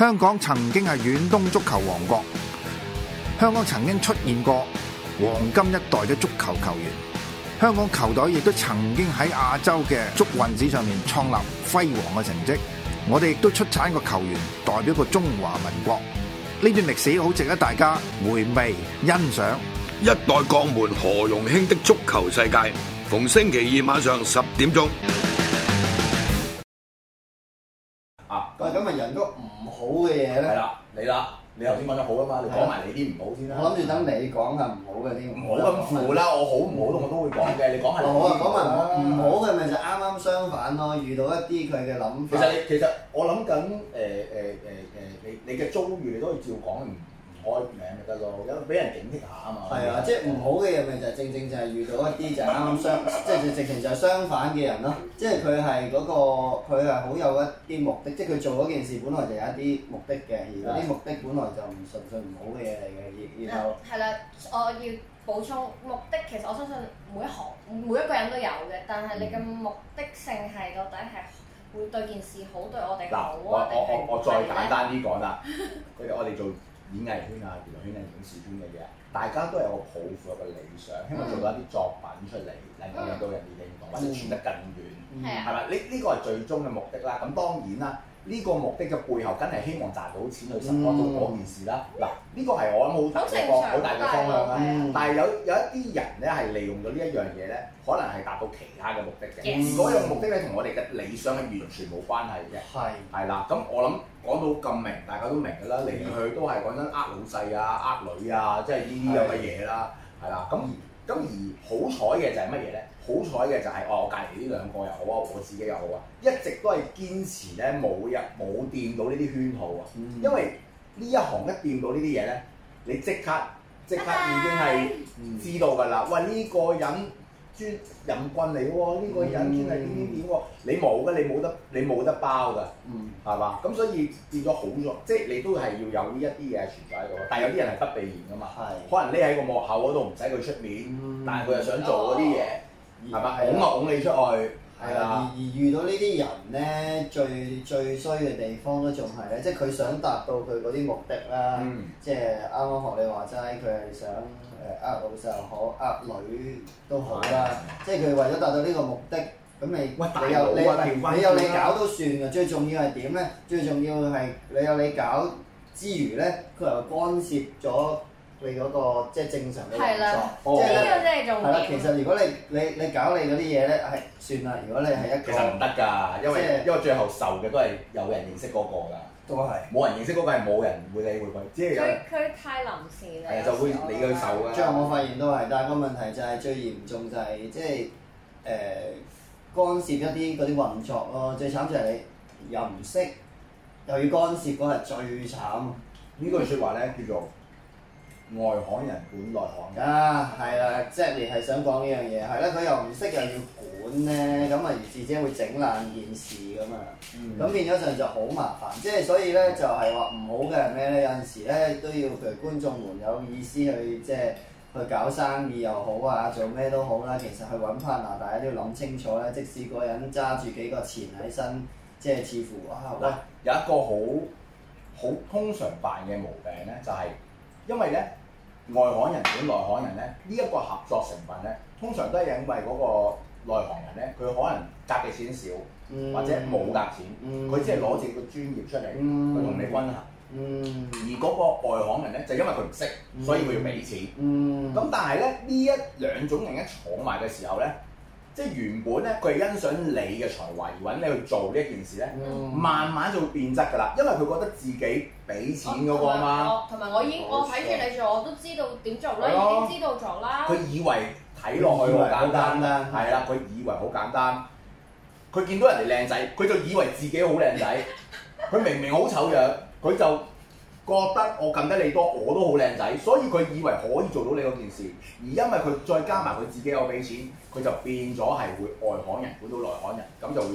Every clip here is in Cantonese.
香港曾經係遠東足球王國，香港曾經出現過黃金一代嘅足球球員，香港球隊亦都曾經喺亞洲嘅足運史上面創立輝煌嘅成績。我哋亦都出產個球員代表過中華民國，呢段歷史好值得大家回味欣賞。一代鋼門何容興的足球世界，逢星期二晚上十點鐘。好嘅嘢咧，係啦， 你啦，你頭先講咗好噶嘛，你講埋你啲唔好先啦，啊。我諗住等你講係唔好嘅啲。我咁負啦，我好唔好都我都會講嘅，嗯、你講係你。我完啊講埋唔好嘅咪就啱啱相反咯，嗯、遇到一啲佢嘅諗法其。其實你其實我諗緊誒誒誒誒，你你嘅遭遇你都可以照講。開名咪得咯，有俾人警惕下啊嘛。係啊，即係唔好嘅嘢咪就正正就係遇到一啲就啱啱相，即係直情就係相反嘅人咯。即係佢係嗰個，佢係好有一啲目的，即係佢做嗰件事本來就有一啲目的嘅，而嗰啲目的本來就唔純粹唔好嘅嘢嚟嘅，然後係啦，我要補充目的其實我相信每一行每一個人都有嘅，但係你嘅目的性係到底係會對件事好對我哋好啊？我我我再簡單啲講啦，佢我哋做。演藝圈啊、娛樂圈啊影視圈嘅、啊、嘢，大家都有個抱負、個理想，希望、嗯、做到一啲作品出嚟，能夠令到人哋認同，嗯、或者傳得更遠，係咪、嗯？呢呢個係最終嘅目的啦。咁當然啦。呢個目的嘅背後，梗係希望賺到錢、嗯、去實現到嗰件事啦。嗱，呢、這個係我諗好大方，好大嘅方向啦、嗯。但係有有一啲人咧，係利用咗呢一樣嘢咧，可能係達到其他嘅目的嘅。如果、嗯、個目的咧，同我哋嘅理想係完全冇關係嘅。係的。係啦的，咁我諗講到咁明，大家都明㗎啦。嚟嚟去去都係講緊呃老細啊、呃女啊，即係呢啲咁嘅嘢啦。係啦，咁咁、嗯、而好彩嘅就係乜嘢咧？好彩嘅就係哦，我隔離呢兩個又好啊，我自己又好啊，一直都係堅持咧，冇入冇掂到呢啲圈套啊，嗯、因為呢一行一掂到呢啲嘢咧，你即刻即刻已經係知道㗎啦。嗯、喂，呢、呢個人。專任棍嚟喎，呢、這個人專係、嗯、點點點喎，你冇嘅，你冇得，你冇得包㗎，係、嗯就是就是、嘛？咁所以變咗好咗，即係你都係要有呢一啲嘢存在喺度，但係有啲人係不便現㗎嘛，可能匿喺個幕後嗰度唔使佢出面，嗯、但係佢又想做嗰啲嘢，係嘛、哦？拱你出去，而而遇到呢啲人咧，最最衰嘅地方咧，仲係咧，即係佢想達到佢嗰啲目的啦，即係啱啱學你話齋，佢係想。誒呃老細又好，呃女都好啦，即係佢為咗達到呢個目的，咁你你有你有你搞都算嘅，最重要係點咧？最重要係你有你搞之餘咧，佢又干涉咗你嗰個即係正常嘅工作，即係呢個真係仲係啦。其實如果你你你搞你嗰啲嘢咧，係算啦。如果你係一個其實唔得㗎，因為因為最後受嘅都係有人認識嗰個㗎。都係，冇人認識嗰個係冇人唔會理會佢，即係佢佢太臨時咧，就會理佢手嘅。最後我發現都係，但係個問題就係最嚴重就係、是、即係誒、呃、干涉一啲嗰啲運作咯。最慘就係你又唔識，又要干涉嗰係最慘。嗯、句呢句説話咧叫做外行人管內行。啊，係啦，即係你係想講呢樣嘢，係啦，佢又唔識又要。咁咧，咁啊，而至先會整爛件事㗎嘛。咁、嗯、變咗上就好麻煩，即係所以咧，就係話唔好嘅係咩咧？有陣時咧都要譬如觀眾們有意思去，即係去搞生意又好啊，做咩都好啦。其實去搵 partner，大家都要諗清楚咧。即使嗰人揸住幾個錢喺身，即係似乎啊，喂，有一個好好通常犯嘅毛病咧，就係、是、因為咧外行人管內行人咧，呢、這、一個合作成分咧，通常都係因為嗰、那個。內行人咧，佢可能夾嘅錢少，嗯、或者冇夾錢，佢、嗯、只係攞自己嘅專業出嚟去同你均衡。嗯、而嗰個外行人咧，就因為佢唔識，所以佢要俾錢。咁、嗯、但係咧，呢一兩種人一坐埋嘅時候咧，即係原本咧，佢欣賞你嘅才為搵你去做呢一件事咧，嗯、慢慢就會變質㗎啦。因為佢覺得自己俾錢嗰個啊嘛，同埋、啊、我，我已經我睇住你做，我都知道點做啦說，已經知道做啦。佢、啊、以為。睇落去好簡單，係啦，佢以為好簡單。佢見到人哋靚仔，佢就以為自己好靚仔。佢 明明好醜樣，佢就覺得我近得你多，我都好靚仔。所以佢以為可以做到你個件事，而因為佢再加埋佢自己有俾錢，佢、嗯、就變咗係會外行人管到內行人，咁就會的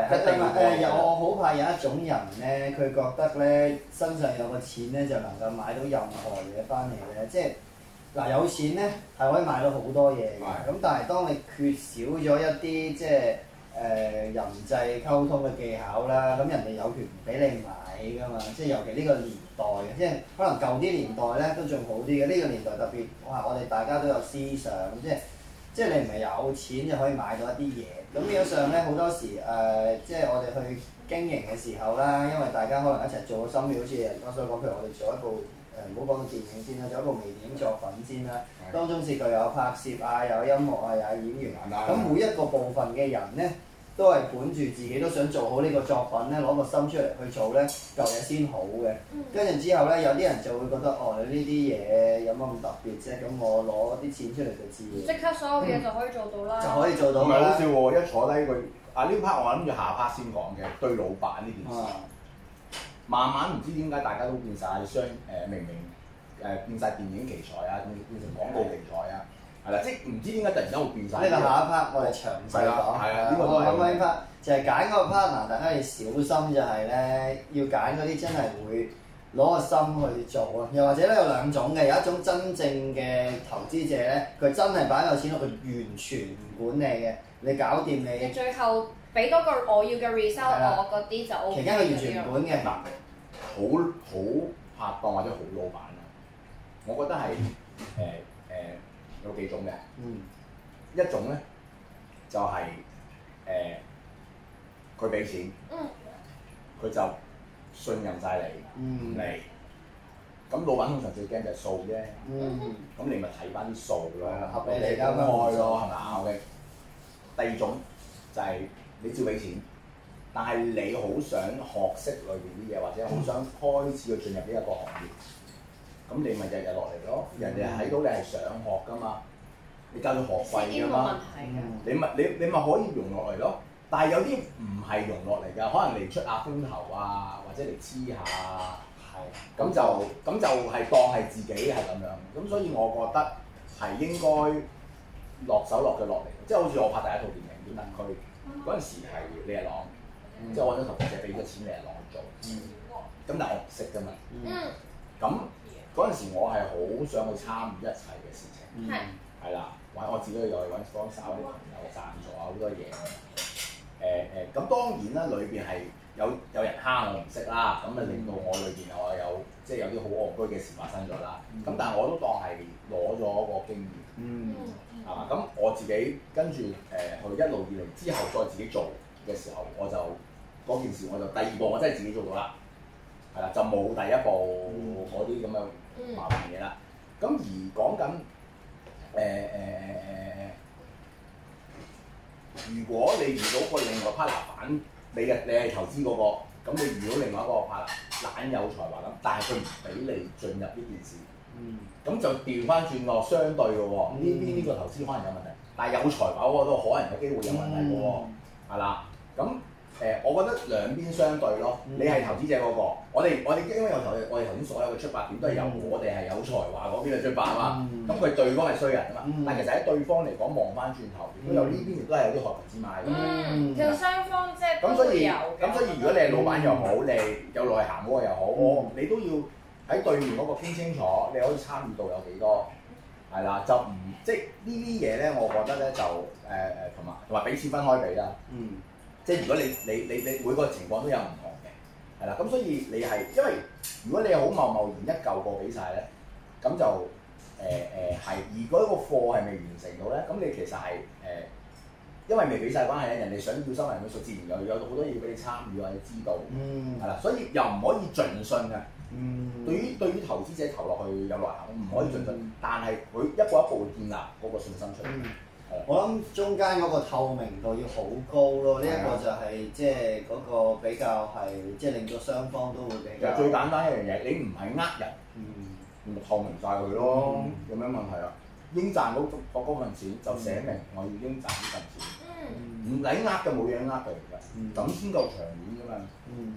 一定會。有。我好怕有一種人咧，佢覺得咧，身上有個錢咧，就能夠買到任何嘢翻嚟咧，即、就、係、是。嗱，有錢咧係可以買到好多嘢嘅，咁的但係當你缺少咗一啲即係誒、呃、人際溝通嘅技巧啦，咁人哋有權唔俾你買噶嘛，即係尤其呢個年代，即係可能舊啲年代咧都仲好啲嘅，呢、這個年代特別，哇！我哋大家都有思想，即係即係你唔係有錢就可以買到一啲嘢，咁樣上咧好多時誒、呃，即係我哋去經營嘅時候啦，因為大家可能一齊做嘅心人，好似阿江所講，譬如我哋做一部。唔好講到電影先啦，就一部微電影作品先啦。的當中是具有拍攝啊，有音樂啊，有演員。咁的每一個部分嘅人咧，的都係管住自己，都想做好呢個作品咧，攞個心出嚟去做咧，嚿嘢先好嘅。跟住、嗯、之後咧，有啲人就會覺得哦，你呢啲嘢有乜咁特別啫？咁我攞啲錢出嚟就自然。即刻所有嘢就可以做到啦。嗯、就可以做到，咪好笑喎！一坐低佢啊，呢 part 我諗住下 part 先講嘅，對老闆呢件事。啊慢慢唔知點解大家都變晒，商誒、呃、明明誒、呃、變晒電影奇才啊，變成廣告奇才啊，係啦的，即係唔知點解突然之間會變晒。呢個下一 part 我哋詳細講，我諗起 part 就係揀個 partner，大家要小心就係咧，要揀嗰啲真係會攞個心去做啊，又或者咧有兩種嘅，有一種真正嘅投資者咧，佢真係擺有錢落，佢完全唔管理嘅，你搞掂你。最後俾多個我要嘅 result，我嗰啲就 O K 其他佢完全唔管嘅嗱，好好拍檔或者好老闆啊，我覺得係誒誒有幾種嘅。嗯、huh.，一種咧就係誒佢俾錢，嗯 no，佢就信任晒你，嗯嚟。咁老闆通常最驚就係數啫，嗯，咁你咪睇翻數啦，合你哋嘅愛咯，係嘛？好嘅。第二種就係。你照俾錢，但係你好想學識裏邊啲嘢，或者好想開始去進入呢一個行業，咁、嗯、你咪日日落嚟咯。嗯、人哋睇到你係想學噶嘛，你交咗學費㗎嘛，是是你咪你你咪可以融落嚟咯。但係有啲唔係融落嚟㗎，可能嚟出下風頭啊，或者嚟黐下，係咁的就咁、嗯、就係當係自己係咁樣。咁所以我覺得係應該落手落腳落嚟，即係好似我拍第一套電影《掩鈍區》。嗰陣時係李阿朗，即係我嗰陣同佢借俾咗錢，你阿朗做，咁但係我唔識㗎嘛。咁嗰陣時我係好想去參與一切嘅事情，係啦，揾我自己又去揾幫手，啲朋友贊助啊好多嘢。誒誒，咁當然啦，裏邊係有有人蝦我唔識啦，咁啊令到我裏邊我有即係有啲好戇居嘅事發生咗啦。咁但係我都當係攞咗個經驗，係嘛？咁我自己跟住誒，去一路以嚟之後。第二步我真係自己做到啦，係啦，就冇第一步嗰啲咁嘅麻煩嘢啦。咁、嗯、而講緊誒誒誒誒，如果你遇到個另外 partner，你嘅你係投資嗰個，咁你遇到另外一個 partner，懶有才華咁，但係佢唔俾你進入呢件事，咁、嗯、就調翻轉落相對嘅喎。呢邊呢個投資可能有問題，但係有才華嗰個都可能有機會有問題嘅喎，係啦、嗯，咁、嗯。誒，我覺得兩邊相對咯，你係投資者嗰個，我哋我哋因為我頭我哋頭先所有嘅出發點都係由我哋係有才華嗰邊嚟出發啊嘛，咁佢對方係衰人啊嘛，但其實喺對方嚟講望翻轉頭，佢由呢邊亦都係有啲學投資買咁。嗯，其實雙方即係都有嘅。咁所以，咁所以如果你係老闆又好，你有內涵喎又好，你都要喺對面嗰個傾清楚，你可以參與到有幾多，係啦，就唔即係呢啲嘢咧，我覺得咧就誒誒同埋同埋俾錢分開俾啦。嗯。即係如果你你你你每個情況都有唔同嘅，係啦，咁所以你係因為如果你好貿貿然一嚿過俾晒咧，咁就誒誒係。如、呃、果、呃、個貨係未完成到咧？咁你其實係誒、呃，因為未俾晒關係咧，人哋想要收埋，佢自然有有好多嘢俾你參與啊，你知道，係啦、嗯，所以又唔可以盡信嘅。嗯、對於對於投資者投落去有內涵，唔可以盡信，嗯、但係佢一步一步建立嗰個信心出嚟。嗯。我諗中間嗰個透明度要好高咯，呢一個就係即係嗰個比較係即係令到雙方都會比較。最簡單一樣嘢，你唔係呃人，嗯，透明晒佢咯，嗯，有咩問題啊？應賺到嗰份錢就寫明，嗯，我要應賺呢份錢，嗯，唔理呃嘅冇嘢呃嘅嚟咁先夠長遠㗎嘛，嗯，嗯，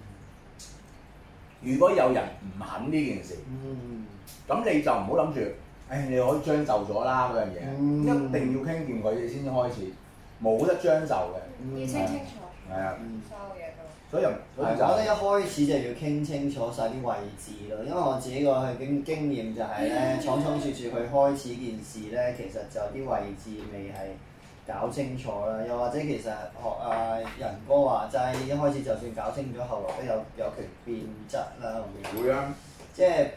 如果有人唔肯呢件事，嗯，咁你就唔好諗住。誒、哎，你可以將就咗啦嗰樣嘢，嗯、一定要傾掂佢先開始，冇得將就嘅，唔、嗯、清楚，係啊，所有，我覺得一開始就要傾清楚晒啲位置咯，因為我自己個係經經驗就係、是、咧，嗯、闖闖住住去開始件事咧，其實就啲位置未係搞清楚啦，又或者其實學啊仁哥話齋，一開始就算搞清楚，後來都有有其變質啦咁樣，會啊，即係、就是。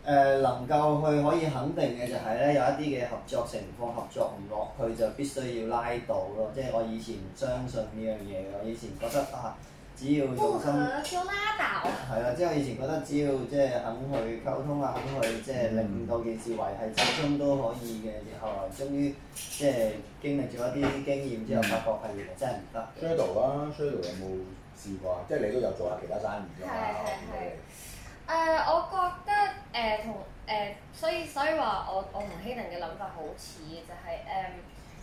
誒、呃、能夠去可以肯定嘅就係咧，有一啲嘅合作情況合作唔落去就必須要拉倒咯。即係我以前唔相信呢樣嘢我以前覺得啊，只要用心，哦、拉倒。係啊，即係我以前覺得只要即係肯去溝通啊，肯去即係令到件事維係始終都可以嘅。以後來終於即係經歷咗一啲經驗之後，嗯、發覺係真係唔得。Shadow 啦，Shadow 有冇試過即係你都有做下其他生意㗎嘛？係係係。誒，uh, 我覺得誒同誒，所以所以話我我同希頓嘅諗法好似就係、是、誒、呃，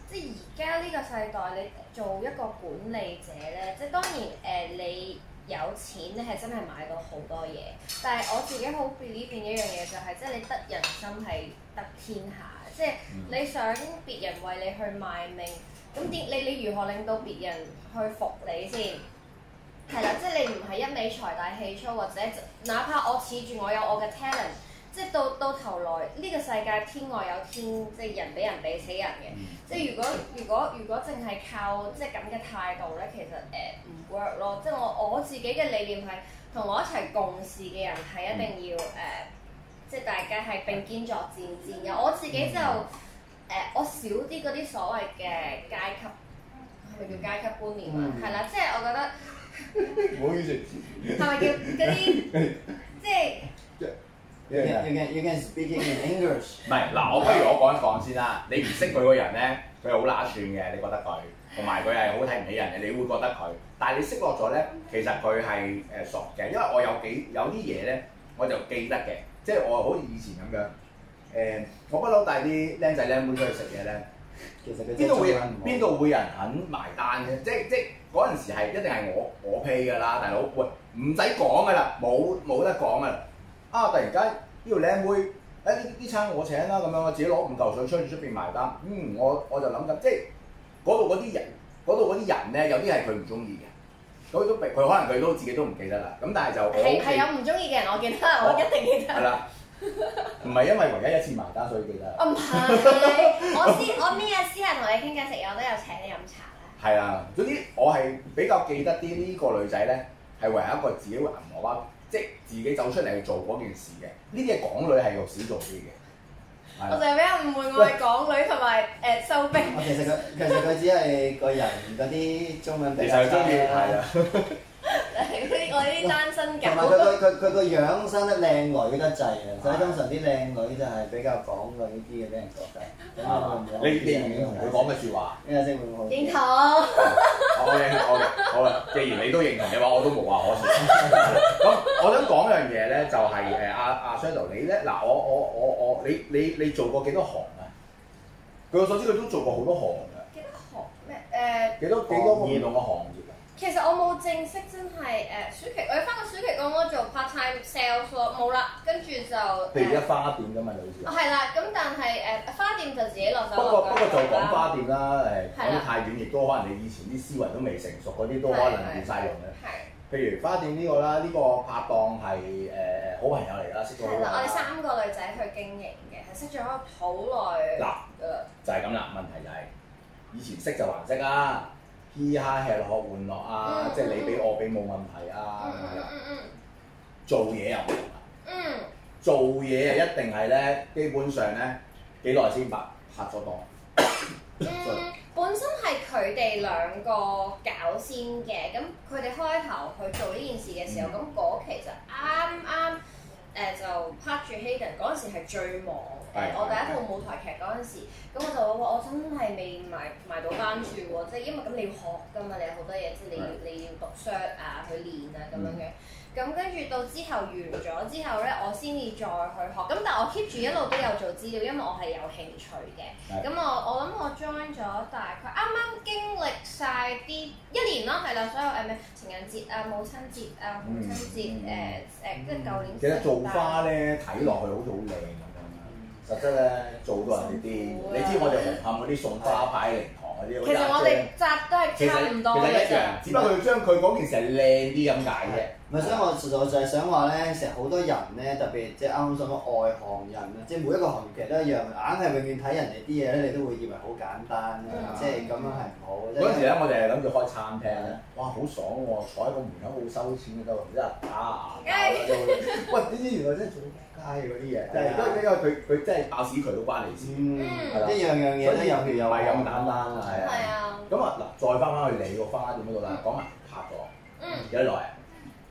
即係而家呢個世代你做一個管理者咧，即係當然誒、呃，你有錢你係真係買到好多嘢，但係我自己好 believe 呢一樣嘢就係、是，即係你得人心係得天下，即係你想別人為你去賣命，咁點你你如何令到別人去服你先？係啦，即係你唔係一味財大氣粗，或者哪怕我恃住我有我嘅 talent，即係到到頭來呢、這個世界天外有天，即係人比人比死人嘅。即係如果如果如果淨係靠即係咁嘅態度咧，其實誒唔、呃、work 咯。即係我我自己嘅理念係同我一齊共事嘅人係一定要誒、呃，即係大家係並肩作戰戰嘅。我自己就誒、呃，我少啲嗰啲所謂嘅階級，係咪叫階級觀念啊？係啦、嗯，即係我覺得。唔 好意思，係咪叫嗰啲即係？You c You can speak in English。唔 係楽，嗱，我不如我講一講先啦。你唔識佢個人咧，佢好乸串嘅，你覺得佢同埋佢係好睇唔起人嘅，你會覺得佢。但係你識落咗咧，其實佢係誒熟嘅，因為我有幾有啲嘢咧，我就記得嘅，即係我好似以前咁樣誒、呃，我不嬲帶啲靚仔靚妹去食嘢咧。邊度會邊度會有人肯埋單嘅？即即嗰陣時係一定係我我 pay 噶啦，大佬，唔使講噶啦，冇冇得講噶啦。啊，突然間呢條靚妹，誒呢呢餐我請啦，咁樣我自己攞五嚿水出去出邊埋單。嗯，我我就諗緊，即嗰度嗰啲人，嗰度嗰啲人咧，有啲係佢唔中意嘅，佢都佢可能佢都自己都唔記得啦。咁但係就係、OK，係有唔中意嘅人，我記得，我，我一定記得。唔係因為唯一一次埋單所以記得。我唔係，我私我邊日私下同你傾偈食嘢，我都有請你飲茶啦。係啊，總之我係比較記得啲呢個女仔咧，係唯一一個自己會銀荷包啦，即係自己走出嚟做嗰件事嘅。呢啲係港女係要少做啲嘅。我就係比人誤會，我係港女同埋誒收兵。其實佢其實佢只係個人嗰啲中文比較差啦。佢啲單身嘅，佢個佢佢個樣生得靚女得滯啊！所以通常啲靚女就係比較港女啲嘅，俾人覺得。你你認唔認同佢講嘅説話？邊個先會冇？認同。好嘅，好嘅，好啦。既然你都認同嘅話，我都無話可説。咁我想講一樣嘢咧，就係誒阿阿 Shadow，你咧嗱，我我我我，你你你做過幾多行啊？據我所知，佢都做過好多行㗎。幾多行咩？誒幾多幾多唔同嘅行？其實我冇正式真係誒、呃、暑期，我返過暑期工我做 part time sales 咯，冇啦，跟住就譬如一花店㗎嘛，好似、呃。啊係啦，咁但係誒、呃、花店就自己落手不過不過做講花店啦，誒講、啊、的太遠，亦都可能你以前啲思維都未成熟，嗰啲都可能冇曬用嘅。係。譬如花店呢、這個啦，呢、這個拍檔係誒、呃、好朋友嚟啦，識咗好耐，係啦，我哋三個女仔去經營嘅，係識咗好耐。嗱，就係咁啦。問題就係以前識就還識啦。嘻下吃喝玩樂啊，嗯嗯即係你俾我俾冇問題啊，係嗯，嗯，嗯，做嘢又唔同嗯，做嘢一定係咧，基本上咧幾耐先拍拍咗檔， 嗯， 以本身係佢哋兩個搞先嘅，咁佢哋開頭去做呢件事嘅時候，咁期就啱啱。嗰時係最忙，誒的，我第一套舞台劇嗰陣時，咁的我就話：我真係未埋埋到番住喎，即係因為咁你要學㗎嘛，你好多嘢，即係的你要你要讀書啊，去練啊咁的樣嘅。咁跟住到之後完咗之後咧，我先至再去學。咁但係我 keep 住一路都有做資料，因為我係有興趣嘅。咁是的、嗯、我我諗我 join 咗大概啱啱經歷晒啲一年咯，係啦，所有誒咩情人節啊、母親節啊、母親節誒誒，跟舊年其實做花咧，睇落去好似好靚咁樣，實質咧做多人哋啲。你知我哋紅磡嗰啲送花牌靈堂嗰啲。其實我哋紮都係差唔多嘅啫。只不過要將佢嗰件成靚啲咁解啫。嗯。唔係，所以我實在就係想話咧，成日好多人咧，特別即啱啱上咗外行人啊，即每一個行業其實都一樣，硬係永遠睇人哋啲嘢咧，你都會以為好簡單，即係咁樣係唔好。嗰陣時咧，我哋係諗住開餐廳咧，哇，好爽喎！坐喺個門口好收錢嘅都，一啊，牙打喺度。喂，點知原來真係做街嗰啲嘢，就係因為佢佢真係爆屎渠嘅關嚟先，一樣樣嘢咧尤其又係咁簡單啊，係啊。咁啊，嗱，再翻返去你個花店嗰度啦，講啊拍咗。有幾耐啊？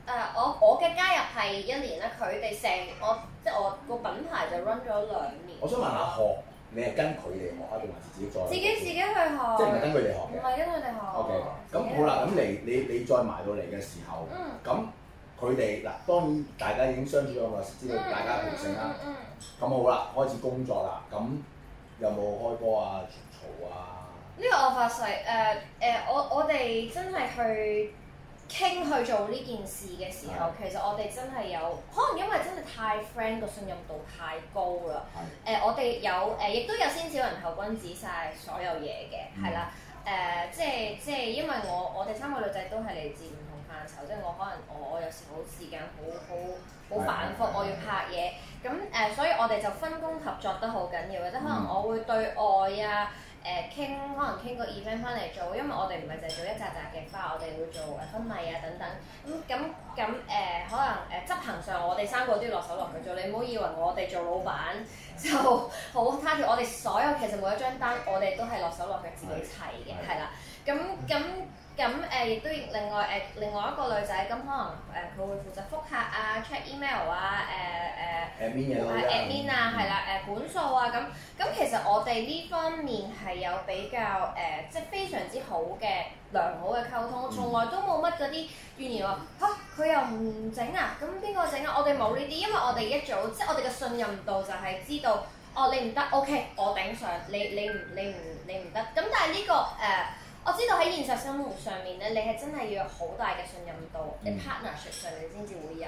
誒、uh, 我我嘅加入係一年啦，佢哋成我即係我個品牌就 run 咗兩年。我想問下學，你係跟佢哋學啊定還是自己做？自己自己去學。即係唔係跟佢哋學,學？唔係跟佢哋學。OK，咁好啦，咁嚟你你再埋到嚟嘅時候，咁佢哋嗱，當然大家已經相處咗耐，知道大家脾性啦。嗯、mm。咁、hmm. 好啦，開始工作啦，咁有冇開波啊嘈啊？呢個我發誓誒誒，我我哋真係去。傾去做呢件事嘅時候，的其實我哋真係有，可能因為真係太 friend 個信任度太高啦。誒的、呃，我哋有誒，亦、呃、都有先小人後君子晒所有嘢嘅，係啦、嗯。誒、呃，即係即係，因為我我哋三個女仔都係嚟自唔同範疇，即係我可能我有時好時間好好好反覆，複的我要拍嘢，咁誒、呃，所以我哋就分工合作得好緊要，或者可能我會對外啊。嗯誒傾可能傾個 event 翻嚟做，因為我哋唔係淨係做一扎扎嘅花，我哋會做誒婚禮啊等等。咁咁咁誒，可能誒、嗯、執行上我哋三個都要落手落腳做，你唔好以為我哋做老闆就好他條。我哋所有其實每一張單，我哋都係落手落腳自己砌嘅，係啦是的 的。咁咁。咁誒，亦都另外誒，另外一個女仔咁，可能誒佢會負責覆核啊、check email 啊、誒誒，admin 嘅啦，係啦，admin 啊，係啦，誒本數啊，咁咁其實我哋呢方面係有比較誒，即係非常之好嘅良好嘅溝通，從來都冇乜嗰啲怨言話吓佢又唔整啊，咁邊個整啊？我哋冇呢啲，因為我哋一早，即係我哋嘅信任度就係知道哦，你唔得，OK，我頂上，你你唔你唔你唔得，咁但係呢個誒。我知道喺現實生活上面咧，你係真係要有好大嘅信任度，你 partnership 上你先至會有。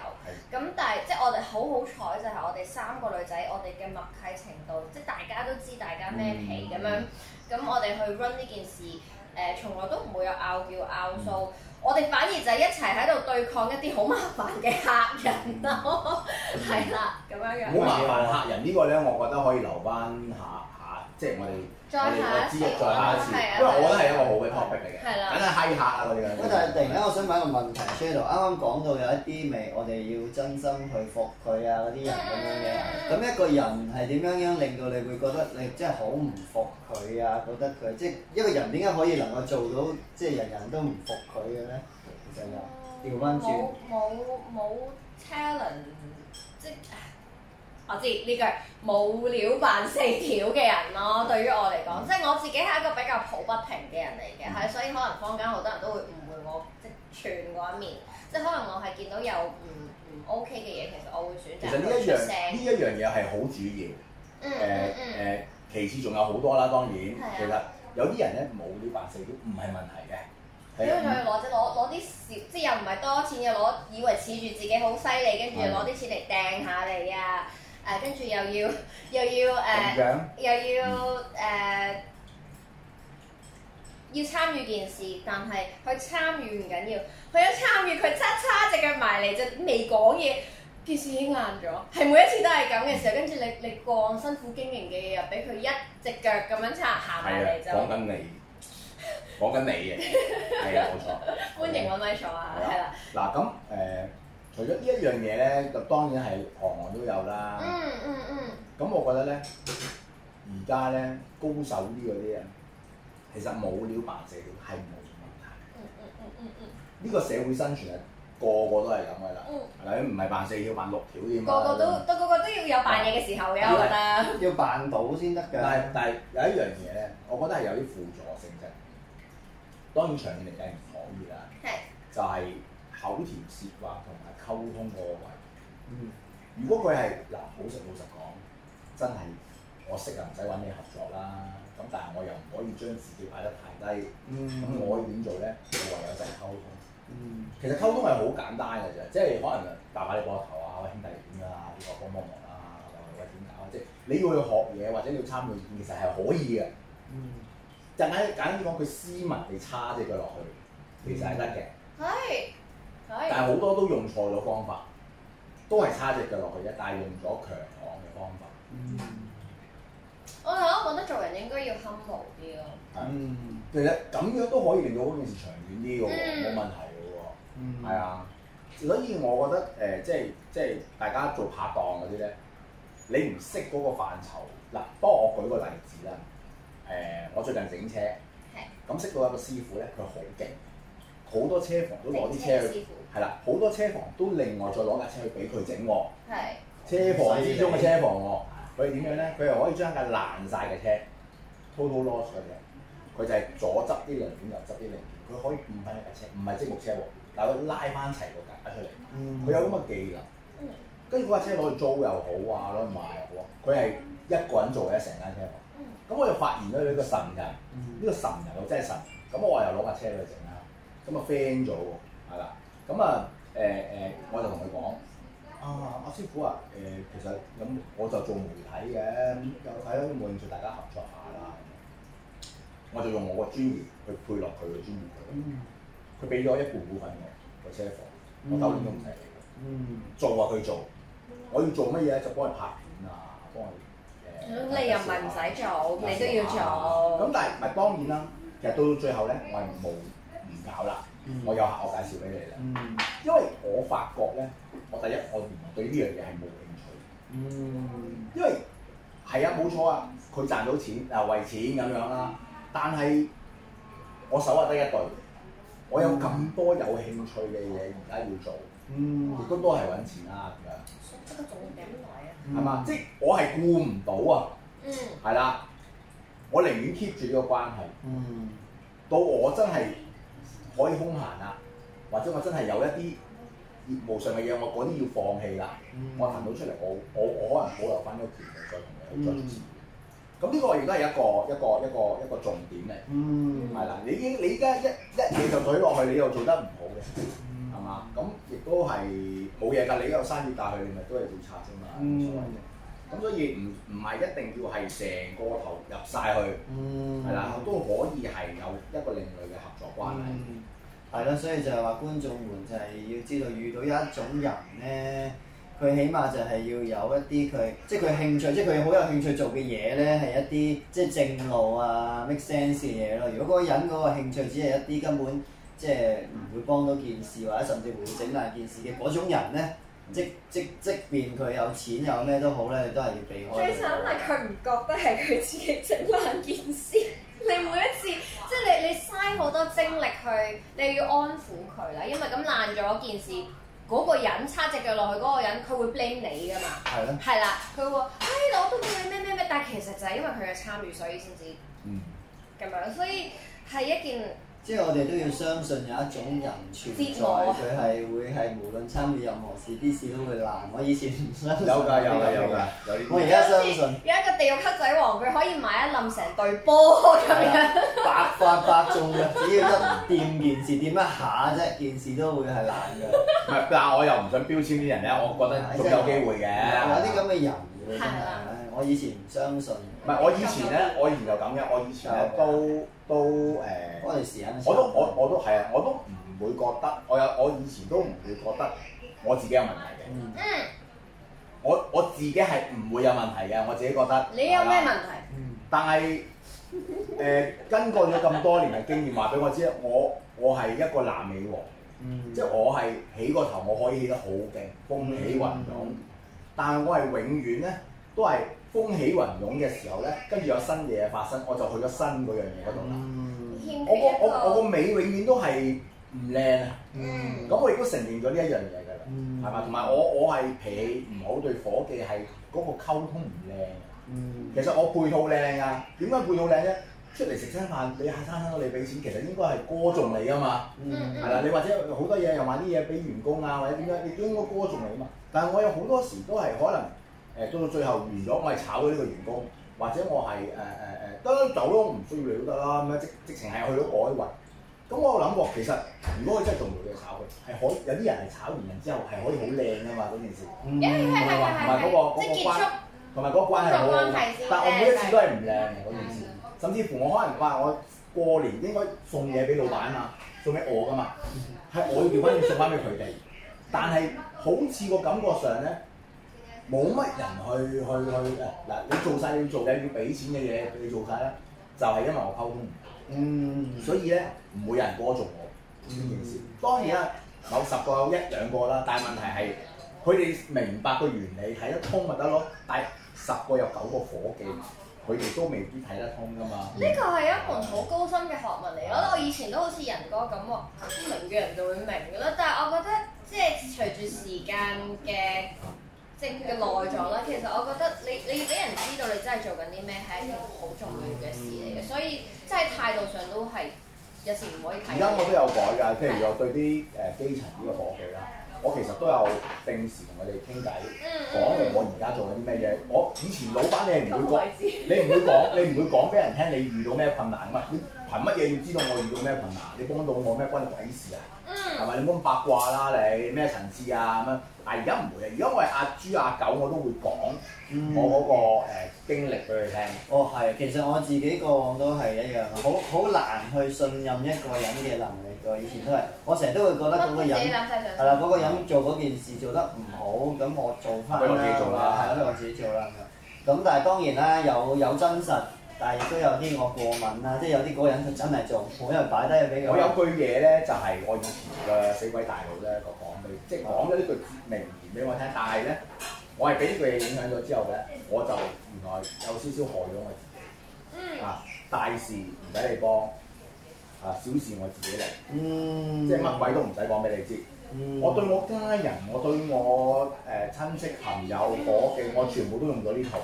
咁但係即係我哋好好彩就係我哋三個女仔，我哋嘅默契程度，即係大家都知大家咩脾咁樣。咁我哋去 run 呢件事，誒從來都唔會有拗叫拗數。我哋反而就係一齊喺度對抗一啲好麻煩嘅客人咯。係啦，咁樣樣。好麻煩嘅客人呢 客人、呢個咧，我覺得可以留翻下下，下，即係我哋。我知，再下一次，一次因為我覺得係一個好嘅 topic 嚟嘅，梗係閪下啊嗰啲嘅。咁但係突然間，我想問一個問題 Claud 啱啱講到有一啲未，我哋要真心去服佢啊嗰啲人咁樣嘅。咁一個人係點樣樣令到你會覺得你真係好唔服佢啊？覺得佢即係一個人點解可以能夠做到即係、就是、人人都唔服佢嘅咧？就調翻轉。冇冇冇 talent 即我知呢句，冇料扮四條嘅人咯。對於我嚟講，嗯、即係我自己係一個比較抱不平嘅人嚟嘅，係、嗯、所以可能坊間好多人都會誤會我即係串嗰一面。即係可能我係見到有唔唔 OK 嘅嘢，其實我會選擇一出聲。呢一樣嘢係好主要嘅。誒、嗯嗯呃、其次仲有好多啦，當然其實、啊、有啲人咧冇料扮四條唔係問題嘅。啊、因為佢或者攞攞啲少，即係又唔係多錢嘅攞，以為恃住自己好犀利，跟住攞啲錢嚟掟下你啊！嗯誒，跟住又要又要誒，又要誒，要參與件事，但係佢參與唔緊要，佢一參與佢叉叉隻腳埋嚟，就未講嘢，件事已經硬咗。係每一次都係咁嘅時候，跟住你你咁辛苦經營嘅嘢，又俾佢一隻腳咁樣叉行埋嚟就。講緊你，講緊你嘅，係啊冇錯。歡迎揾位坐啊，係啦。嗱咁誒。除咗呢一樣嘢咧，就當然係行行都有啦。嗯嗯嗯。咁我覺得咧，而家咧高手啲嗰啲啊，其實冇料扮四條係冇問題。嗯嗯嗯嗯嗯。呢個社會生存係個個都係咁噶啦。嗯。係咪唔係扮四條，扮六條添？個個都都個個都要有扮嘢嘅時候嘅，我覺得。要扮到先得㗎。但係但係有一樣嘢咧，我覺得係有啲輔助性質。當然長遠嚟計唔可以啦。係。就係。口甜舌滑，同埋溝通個位，嗯，如果佢係嗱，好直老實講，真係我識啊，唔使揾你合作啦。咁但係我又唔可以將自己擺得太低，嗯，咁我可以點做咧？我唯有就係溝通，嗯，其實溝通係好簡單嘅啫，即係可能大把你膊頭啊，兄弟點啊，呢個幫幫忙啊，或者點、啊啊、搞，即係你要去學嘢或者要參與其實係可以嘅，嗯，就係簡單啲講，佢斯文你叉隻腳落去，其實係得嘅，係、嗯。但係好多都用錯咗方法，都係差隻腳落去啫。但係用咗強行嘅方法。嗯，我頭先覺得做人應該要謙和啲咯。 嗯，其實咁樣都可以令到嗰件事長遠啲嘅喎，冇、嗯、問題嘅喎。係啊、嗯。所以我覺得誒、呃，即係即係大家做拍檔嗰啲咧，你唔識嗰個範疇嗱。幫我舉個例子啦。誒、呃，我最近整車。係是。咁、嗯、識到一個師傅咧，佢好勁，好多車房都攞啲車去。係啦，好多車房都另外再攞架車去俾佢整喎。係是車房之中嘅車房喎、喔，佢點的樣咧？佢又可以將架爛晒嘅車 total loss 嘅，佢就係左執啲零件，右執啲零件，佢可以換翻一架車，唔係積木車喎。但佢拉翻齊個架出嚟，佢、嗯、有咁嘅技能。跟住嗰架車攞去租又好啊，攞去賣又好，佢係一個人做嘅成間車房。咁、嗯、我又發現咗佢個、這個神人，呢個神人我真係神。咁我又攞架車去整啦，咁啊 friend 咗喎，啦。咁啊，誒誒、呃呃，我就同佢講啊，阿師傅啊，誒、呃，其實咁我就做媒體嘅，有睇有冇興趣大家合作下啦。我就用我個專業去配落佢嘅專業。佢俾咗一半股份嘅個車房，我兜唔都唔使理。嗯、做啊，佢做，我要做乜嘢就幫佢拍片啊，幫佢誒。咁、呃、你又唔係唔使做，你都要做。咁、啊、但係咪當然啦，其實到到最後咧，我係冇唔搞啦。Mm. 我有客，我介紹俾你啦。Mm. 因為我發覺咧，我第一我原來對呢樣嘢係冇興趣。嗯。Mm. 因為係啊，冇錯啊，佢賺到錢啊為錢咁樣啦、啊。但係我手下得一對，我有咁多有興趣嘅嘢而家要做，亦、mm. 都都係揾錢啦咁樣。熟質嘅做幾耐啊？係嘛，即係我係顧唔到啊。嗯。係啦，我寧願 keep 住呢個關係。嗯。Mm. 到我真係～可以空閒啦，或者我真係有一啲業務上嘅嘢，我嗰啲要放棄啦、嗯。我騰到出嚟，我我我可能保留翻、嗯、個權利再同你去進展嘅。咁呢個亦都係一個一個一個一個重點嚟。嗯，係啦，你你而家一一嘢就攜落去，你又做得唔好嘅，係嘛、嗯？咁亦都係冇嘢㗎，你有生意帶去，你咪都係做差啫嘛，冇所謂嘅。咁所以唔唔係一定要係成個頭入晒去，係啦、嗯，都可以係有一個另類嘅合作關係。係咯，所以就係話觀眾們就係要知道遇到一種人咧，佢起碼就係要有一啲佢，即係佢興趣，即係佢好有興趣做嘅嘢咧，係一啲即係正路啊，make sense 嘅嘢咯。如果嗰個人嗰個興趣只係一啲根本即係唔會幫到件事，或者甚至會整爛件事嘅嗰種人咧，嗯、即，即即即便佢有錢有咩都好咧，你都係要避開。最慘係佢唔覺得係佢自己整爛件事，你每一次即係你你。你好多精力去，你要安撫佢啦，因為咁爛咗件事，嗰個人差隻腳落去，嗰個人，佢會 blame 你噶嘛？係咯的，係啦，佢會話：哎，我都冇咩咩咩，但係其實就係因為佢嘅參與，所以先至咁樣，所以係一件。即係我哋都要相信有一種人存在，佢係會係無論參與任何事，啲事都會爛。我以前唔相，相信，有㗎有㗎有㗎，我而家相信。有一個地獄黑仔王，佢可以買一冧成隊波咁樣。百發百中嘅，只要一掂件事，掂 一下啫，件事都會係爛嘅。唔係，但我又唔想標籤啲人咧，我覺得仲有機會嘅。是的有啲咁嘅人，的真係。係，我以前唔相信。唔係，我以前咧，我以前就咁嘅，嗯、我以前，我以前都，都都誒、呃，我都我我都係啊，我都唔會覺得，我有我以前都唔會覺得我自己有問題嘅。嗯，我我自己係唔會有問題嘅，我自己覺得。你有咩問題？啊嗯、但係誒，根、呃、據咗咁多年嘅經驗，話俾我知，我我係一個南美王，即係、嗯、我係起個頭，我可以起得好勁，風起雲湧。嗯、但係我係永遠咧都係。風起雲湧嘅時候咧，跟住有新嘢發生，我就去咗新嗰樣嘢嗰度啦。我個我美、嗯、我個尾永遠都係唔靚啊。咁我亦都承認咗呢一樣嘢㗎啦。係嘛、嗯？同埋我我係脾唔好，對伙記係嗰個溝通唔靚。嗯、其實我配套靚㗎，點解配套靚啫？出嚟食餐飯，你下餐聽到你俾錢，其實應該係歌頌你㗎嘛。係啦、嗯嗯，你或者好多嘢又買啲嘢俾員工啊，或者點樣？你都應該歌頌你㗎嘛。但係我有好多時都係可能。到到最後完咗，我係炒咗呢個員工，或者我係誒誒誒得走都唔需要你都得啦咁樣，直直情係去到外圍。咁我諗過，其實如果佢真係做到嘅炒嘅，係可有啲人係炒完人之後係可以好靚噶嘛嗰件事，唔係話唔係嗰個嗰關，同埋嗰個關係好好，但係我每一次都係唔靚嗰件事。甚至乎我可能話我過年應該送嘢俾老闆啊，送俾我㗎嘛，係我要叫翻轉送翻俾佢哋，但係好似個感覺上咧。冇乜人去去去誒嗱，你做晒要做嘅要俾錢嘅嘢你做晒啦，就係因為我溝通唔，嗯，所以咧唔會有人過做我。嗯、件事。當然啦，某十個有一兩個啦，但係問題係佢哋明白個原理睇得通咪得咯。但係十個有九個伙計，佢哋、嗯、都未必睇得通噶嘛。呢個係一門好高深嘅學問嚟，我覺得我以前都好似仁哥咁喎，明嘅人就會明㗎啦。但係我覺得即係隨住時間嘅。嘅內在啦，其實我覺得你你俾人知道你真係做緊啲咩，係一件好重要嘅事嚟嘅，所以真係態度上都係有時唔可以睇。而家我都有改㗎，譬如我對啲誒、呃、基層呢個夥計啦，嗯、我其實都有定時同佢哋傾偈，講、嗯、我而家做緊啲咩嘢。嗯、我以前老闆你係唔會講，你唔會講，你唔會講俾人聽你遇到咩困難㗎嘛。嗯 憑乜嘢要知道我遇到咩困難？你幫到我咩關鬼事、嗯、你你啊？係咪？你冇咁八卦啦！你咩層次啊咁樣？但而家唔會啊！如果我係阿豬阿狗我都會講我嗰個誒經歷俾你聽、嗯嗯。哦，係，其實我自己個都係一樣，好好難去信任一個人嘅能力嘅。以前都係，嗯、我成日都會覺得嗰個人係啦，嗰、嗰個人做嗰件事做得唔好，咁我做翻啦，都我自己做啦。咁但係當然啦，有有真實。但係亦都有啲我過敏啦、啊，即係有啲嗰個人就真係做，我因為擺低係比較。我有句嘢咧，就係、是、我以前嘅死鬼大佬咧，我講俾，哦、即係講咗呢句名言俾我聽。但係咧，我係俾呢句嘢影響咗之後咧，我就原來有少少害咗我自己。嗯。啊！大事唔使你幫，啊小事我自己嚟。嗯。即係乜鬼都唔使講俾你知。嗯、我對我家人，我對我誒、呃、親戚朋友夥計，我全部都用咗呢套。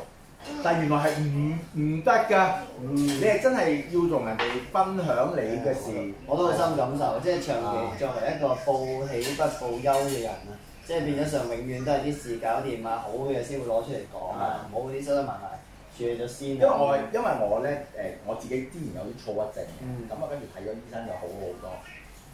但係原來係唔唔得㗎，你係真係要同人哋分享你嘅事、哎我。我都好深感受，哎、即係長期作為一個報喜不報憂嘅人啊！哎、即係變咗上，永遠都係啲事搞掂啊，好嘅先會攞出嚟講啊，唔好啲塞得埋埋，處理咗先。因為我因為我咧誒，我自己之前有啲躁鬱症咁啊，跟住睇咗醫生就好好多。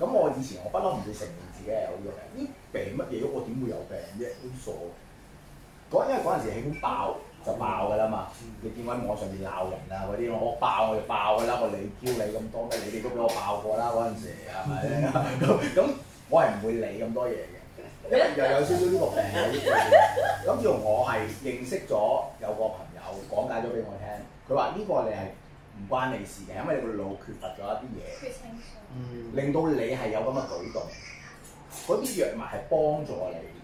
咁我以前我不嬲唔會承認自己有咗病，咦、哎，病乜嘢？我點會有病啫？好傻！因為嗰陣時氣管爆。就爆㗎啦嘛！你點解網上面鬧人啊嗰啲？嗯、我爆我就爆㗎啦！我你叫你咁多咩？你哋都俾我爆過啦，嗰陣時係咪？咁、嗯、 我係唔會理咁多嘢嘅，因為又有少少呢個病。友咁， 而我係認識咗有個朋友，講解咗俾我聽。佢話呢個你係唔關你事嘅，因為你個腦缺乏咗一啲嘢，嗯，令到你係有咁嘅舉動。嗰啲藥物係幫助你。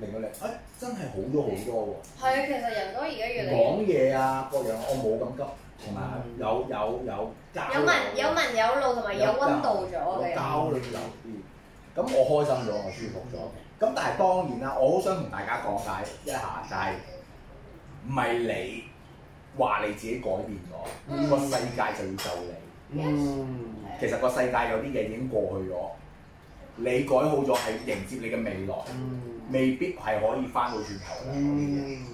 令到你，哎，真係好咗好多喎！係啊，其實人工而家越嚟講嘢啊，各樣我冇咁急，同埋有有有有問,有問有問有路，同埋有温度咗嘅交流。咁、嗯、我開心咗，我舒服咗嘅。咁、嗯、但係當然啦，我好想同大家講解一下，但係唔係你話你自己改變咗，嗯、個世界就要就你。嗯，嗯其實個世界有啲嘢已經過去咗，你改好咗係迎接你嘅未來。嗯未必係可以翻到轉頭嘅，嘛、嗯？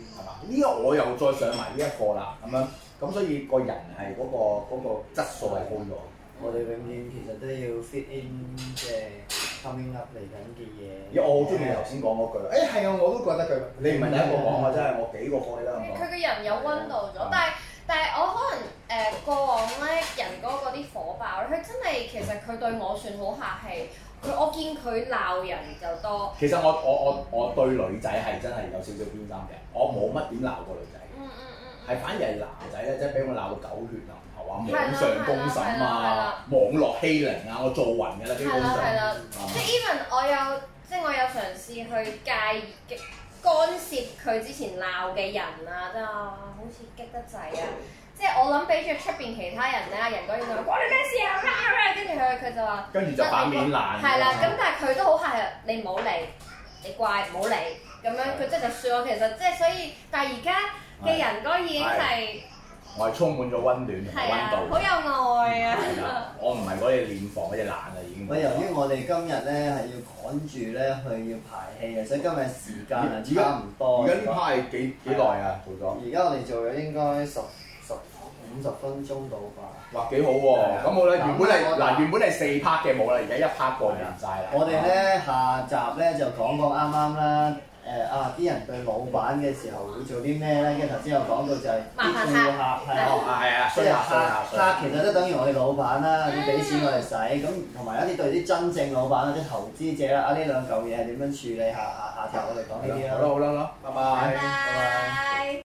呢、這個我又再上埋呢一個啦，咁樣，咁所以個人係嗰、那個嗰、那個、質素係高咗。我哋永遠其實都要 fit in，即係 coming up 嚟緊嘅嘢。我好中意你頭先講嗰句啦，誒係啊，我都覺得佢，你唔係第一個講啊，真係、嗯、我幾個開講啦，佢嘅人有温度咗、嗯，但係但係我可能誒、呃、過往咧人嗰個啲火爆咧，佢真係其實佢對我算好客氣。佢我見佢鬧人就多。其實我我我我對女仔係真係有少少偏心嘅，我冇乜點鬧過女仔。嗯嗯嗯。係反而係男仔咧，即係俾我鬧到狗血淋頭啊！網上公審啊，網絡欺凌啊，我做暈㗎啦，基本上。係啦係啦，即係 even 我有即係我有嘗試去介干涉佢之前鬧嘅人啊，真係好似激得滯啊！嘨 cockpit 即係我諗俾住出邊其他人啦，人哥已經話：關你咩事啊？跟住佢佢就話：跟住就反面冷。係啦，咁但係佢都好嚇你唔好理，你怪唔好理咁樣，佢即係就算我其實即係所以，但係而家嘅人哥已經係我係充滿咗溫暖嘅溫度，好有愛啊！ 我唔係嗰隻殮房嗰隻冷嘅已經。由於我哋今日咧係要趕住咧去要排戲啊，所以今日時間啊差唔多。而家呢排幾幾耐啊？做咗？而家我哋做咗應該十。五十分鐘到吧？哇幾好喎！咁好啦，原本係嗱原本係四拍嘅冇啦，而家一拍 a r t 過完曬啦。我哋咧下集咧就講個啱啱啦。誒啊！啲人對老闆嘅時候會做啲咩咧？跟住頭先我講到就係啲顧客，係啊係啊衰客衰客。其實都等於我哋老闆啦，要俾錢我哋使。咁同埋一啲對啲真正老闆啦，啲投資者啦，啊呢兩嚿嘢係點樣處理？下下下集我哋講。好啦好啦，拜拜。拜拜。